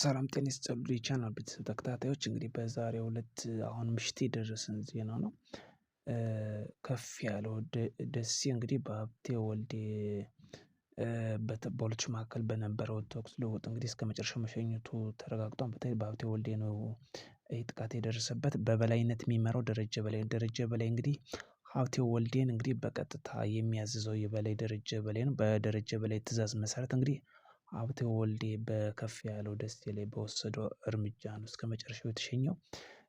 ሰላም ጤና ይስጥልኝ የቻናል ቤተሰብ ተከታታዮች እንግዲህ በዛሬ ሁለት አሁን ምሽት የደረሰን ዜና ነው። ከፍ ያለው ደሴ እንግዲህ በሀብቴ ወልዴ በተባሎች መካከል በነበረው ተኩስ ልውውጥ እንግዲህ እስከ መጨረሻው መሸኘቱ ተረጋግጧል። በተለይ በሀብቴ ወልዴ ነው ይህ ጥቃት የደረሰበት። በበላይነት የሚመራው ደረጀ በላይ ደረጀ በላይ እንግዲህ ሀብቴ ወልዴን እንግዲህ በቀጥታ የሚያዝዘው የበላይ ደረጀ በላይ ነው። በደረጀ በላይ ትዕዛዝ መሰረት እንግዲህ አብቴ ወልዴ በከፍ ያለው ደሴ ላይ በወሰደው እርምጃ ነው እስከ መጨረሻው የተሸኘው።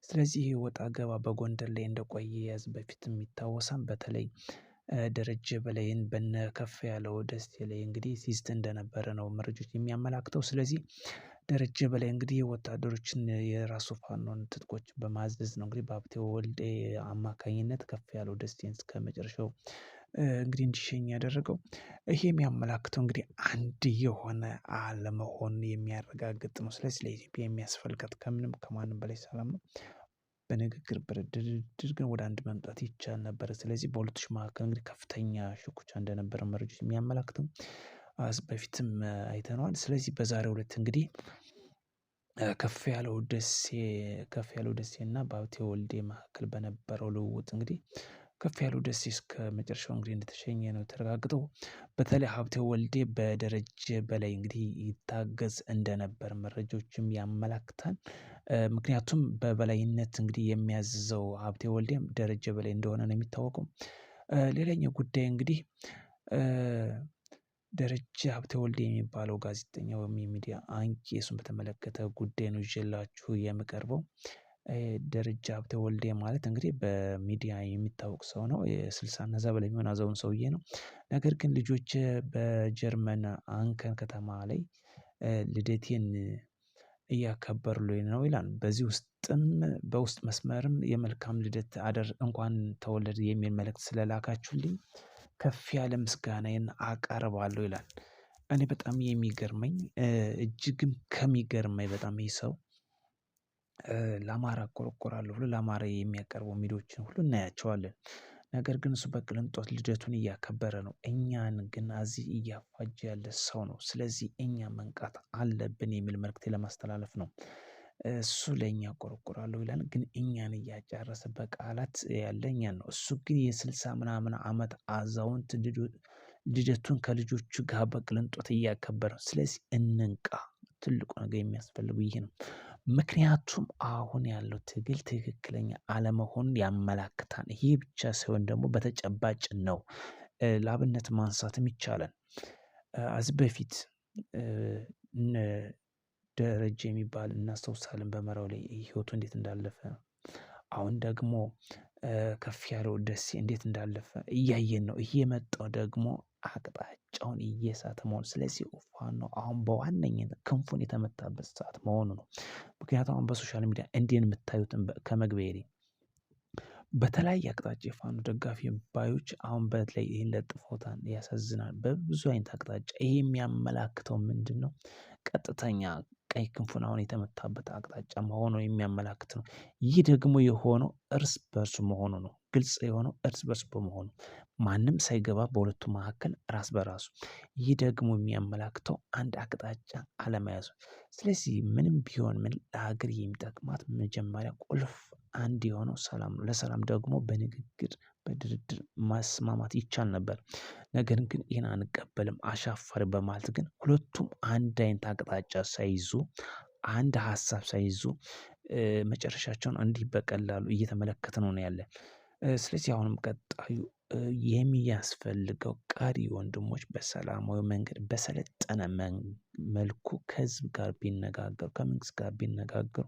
ስለዚህ ይሄ ወጣ ገባ በጎንደር ላይ እንደቆየ ያዝ በፊት የሚታወሳም በተለይ ደረጀ በላይን በነ ከፍ ያለው ደሴ ላይ እንግዲህ ሲስት እንደነበረ ነው መረጃዎች የሚያመላክተው። ስለዚህ ደረጀ በላይ እንግዲህ ወታደሮችን የራሱ ፋኖን ትጥቆች በማዘዝ ነው እንግዲህ በሀብቴ ወልዴ አማካኝነት ከፍ ያለው ደሴን መጨረሻው እንግዲህ እንዲሸኝ ያደረገው። ይሄ የሚያመላክተው እንግዲህ አንድ የሆነ አለመሆን የሚያረጋግጥ ነው። ስለዚህ ለኢትዮጵያ የሚያስፈልጋት ከምንም ከማንም በላይ ሰላም ነው። በንግግር በድርድር ግን ወደ አንድ መምጣት ይቻል ነበረ ስለዚህ በሁለቶች መካከል እንግዲህ ከፍተኛ ሽኩቻ እንደነበረ መረጃች የሚያመላክተው በፊትም አይተነዋል። ስለዚህ በዛሬው ዕለት እንግዲህ ከፍ ያለው ደሴ ከፍ ያለው ደሴ እና በሀብቴ ወልዴ መካከል በነበረው ልውውጥ እንግዲህ ከፍ ያሉ ደሴ እስከ መጨረሻው እንግዲህ እንደተሸኘ ነው ተረጋግጦ። በተለይ ሀብቴ ወልዴ በደረጀ በላይ እንግዲህ ይታገዝ እንደነበር መረጃዎችም ያመላክታል። ምክንያቱም በበላይነት እንግዲህ የሚያዝዘው ሀብቴ ወልዴ ደረጀ በላይ እንደሆነ ነው የሚታወቀው። ሌላኛው ጉዳይ እንግዲህ ደረጀ ሀብቴ ወልዴ የሚባለው ጋዜጠኛ ወይም የሚዲያ አንቂ እሱን በተመለከተ ጉዳይ ነው ይዤላችሁ የምቀርበው። ደረጃ ተወልዴ ማለት እንግዲህ በሚዲያ የሚታወቅ ሰው ነው የስልሳ እና በላይ የሚሆን ሰውዬ ነው። ነገር ግን ልጆች በጀርመን አንከን ከተማ ላይ ልደቴን እያከበሩልኝ ነው ይላል። በዚህ ውስጥም በውስጥ መስመርም የመልካም ልደት አደር እንኳን ተወለድ የሚል መልእክት ስለላካችሁልኝ ከፍ ያለ ምስጋናዬን አቀርባለሁ ይላል። እኔ በጣም የሚገርመኝ እጅግም ከሚገርመኝ በጣም ይሄ ሰው ለአማራ እቆረቆራለሁ ብሎ ለአማራ የሚያቀርበው ሚዲያዎችን ሁሉ እናያቸዋለን። ነገር ግን እሱ በቅልንጦት ልደቱን እያከበረ ነው እኛን ግን እዚህ እያፋጀ ያለ ሰው ነው ስለዚህ እኛ መንቃት አለብን የሚል መልክት ለማስተላለፍ ነው። እሱ ለእኛ እቆረቁራለሁ ይላል ግን እኛን እያጫረሰ በቃላት ያለ እኛን ነው እሱ ግን የስልሳ ምናምን አመት አዛውንት ልደቱን ከልጆቹ ጋር በቅልንጦት እያከበረ ነው ስለዚህ እንንቃ። ትልቁ ነገር የሚያስፈልጉ ይሄ ነው ምክንያቱም አሁን ያለው ትግል ትክክለኛ አለመሆኑን ያመላክታል። ይህ ብቻ ሳይሆን ደግሞ በተጨባጭ ነው። ለአብነት ማንሳትም ይቻላል። አዚ በፊት ደረጀ የሚባል እናስታውሳለን በመራው ላይ ህይወቱ እንዴት እንዳለፈ አሁን ደግሞ ከፍ ያለው ደሴ እንዴት እንዳለፈ እያየን ነው። እየመጣው ደግሞ አቅጣጫውን እየሳተ መሆኑ ስለዚህ ፋኖ አሁን በዋነኝነት ክንፉን የተመታበት ሰዓት መሆኑ ነው። ምክንያቱም አሁን በሶሻል ሚዲያ እንዲህ የምታዩትን ከመግቢያዬ በተለያየ አቅጣጫ የፋኖ ደጋፊ ባዮች አሁን በተለይ ይህን ለጥፎታን ያሳዝናል። በብዙ አይነት አቅጣጫ ይሄ የሚያመላክተው ምንድን ነው? ቀጥተኛ ቀይ ክንፉን አሁን የተመታበት አቅጣጫ መሆኑ የሚያመላክት ነው። ይህ ደግሞ የሆነው እርስ በርሱ መሆኑ ነው። ግልጽ የሆነው እርስ በርሱ በመሆኑ ማንም ሳይገባ በሁለቱ መካከል ራስ በራሱ። ይህ ደግሞ የሚያመላክተው አንድ አቅጣጫ አለመያዙ። ስለዚህ ምንም ቢሆን ምን ለሀገር የሚጠቅማት መጀመሪያ ቁልፍ አንድ የሆነው ሰላም ነው። ለሰላም ደግሞ በንግግር በድርድር ማስማማት ይቻል ነበር። ነገር ግን ይህን አንቀበልም አሻፈር በማለት ግን ሁለቱም አንድ አይነት አቅጣጫ ሳይዙ አንድ ሀሳብ ሳይዙ መጨረሻቸውን እንዲህ በቀላሉ እየተመለከተ ነው ያለ። ስለዚህ አሁንም ቀጣዩ የሚያስፈልገው ቀሪ ወንድሞች በሰላማዊ መንገድ በሰለጠነ መልኩ ከህዝብ ጋር ቢነጋገሩ ከመንግስት ጋር ቢነጋገሩ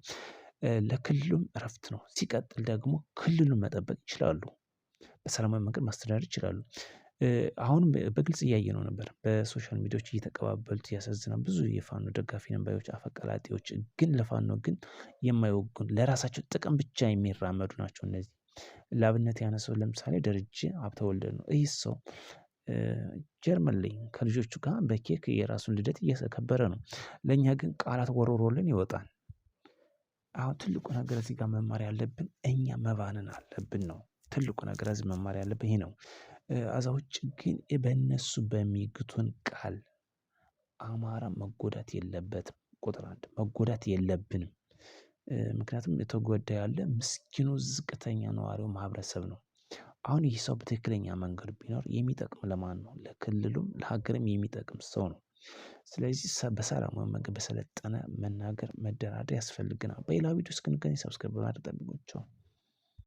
ለክልሉም እረፍት ነው። ሲቀጥል ደግሞ ክልሉን መጠበቅ ይችላሉ። በሰላማዊ መንገድ ማስተዳደር ይችላሉ። አሁንም በግልጽ እያየነው ነበር በሶሻል ሚዲያዎች እየተቀባበሉት እያሳዝናል። ብዙ የፋኖ ደጋፊ ነን አፈቀላጤዎች ግን ለፋኖ ግን የማይወግን ለራሳቸው ጥቅም ብቻ የሚራመዱ ናቸው። እነዚህ ለአብነት ያነሰው ለምሳሌ ደረጀ ሀብተወልድ ነው። ይህ ሰው ጀርመን ላይ ከልጆቹ ጋር በኬክ የራሱን ልደት እያከበረ ነው። ለእኛ ግን ቃላት ወሮሮልን ይወጣል አሁን ትልቁ ነገር እዚህ ጋር መማር ያለብን እኛ መባነን አለብን ነው ትልቁ ነገር እዚህ መማር ያለብን ይሄ ነው። ከዛ ግን በእነሱ በሚግቱን ቃል አማራ መጎዳት የለበትም ቁጥር አንድ መጎዳት የለብንም። ምክንያቱም የተጎዳ ያለ ምስኪኑ ዝቅተኛ ነዋሪው ማህበረሰብ ነው። አሁን ይህ ሰው በትክክለኛ መንገድ ቢኖር የሚጠቅም ለማን ነው ለክልሉም ለሀገርም የሚጠቅም ሰው ነው ስለዚህ በሰላም መመገብ በሰለጠነ መናገር መደራደር ያስፈልግናል። በሌላ ቪዲዮ እስክንገናኝ ሰብስክራይብ በማድረግ ጠብቋቸው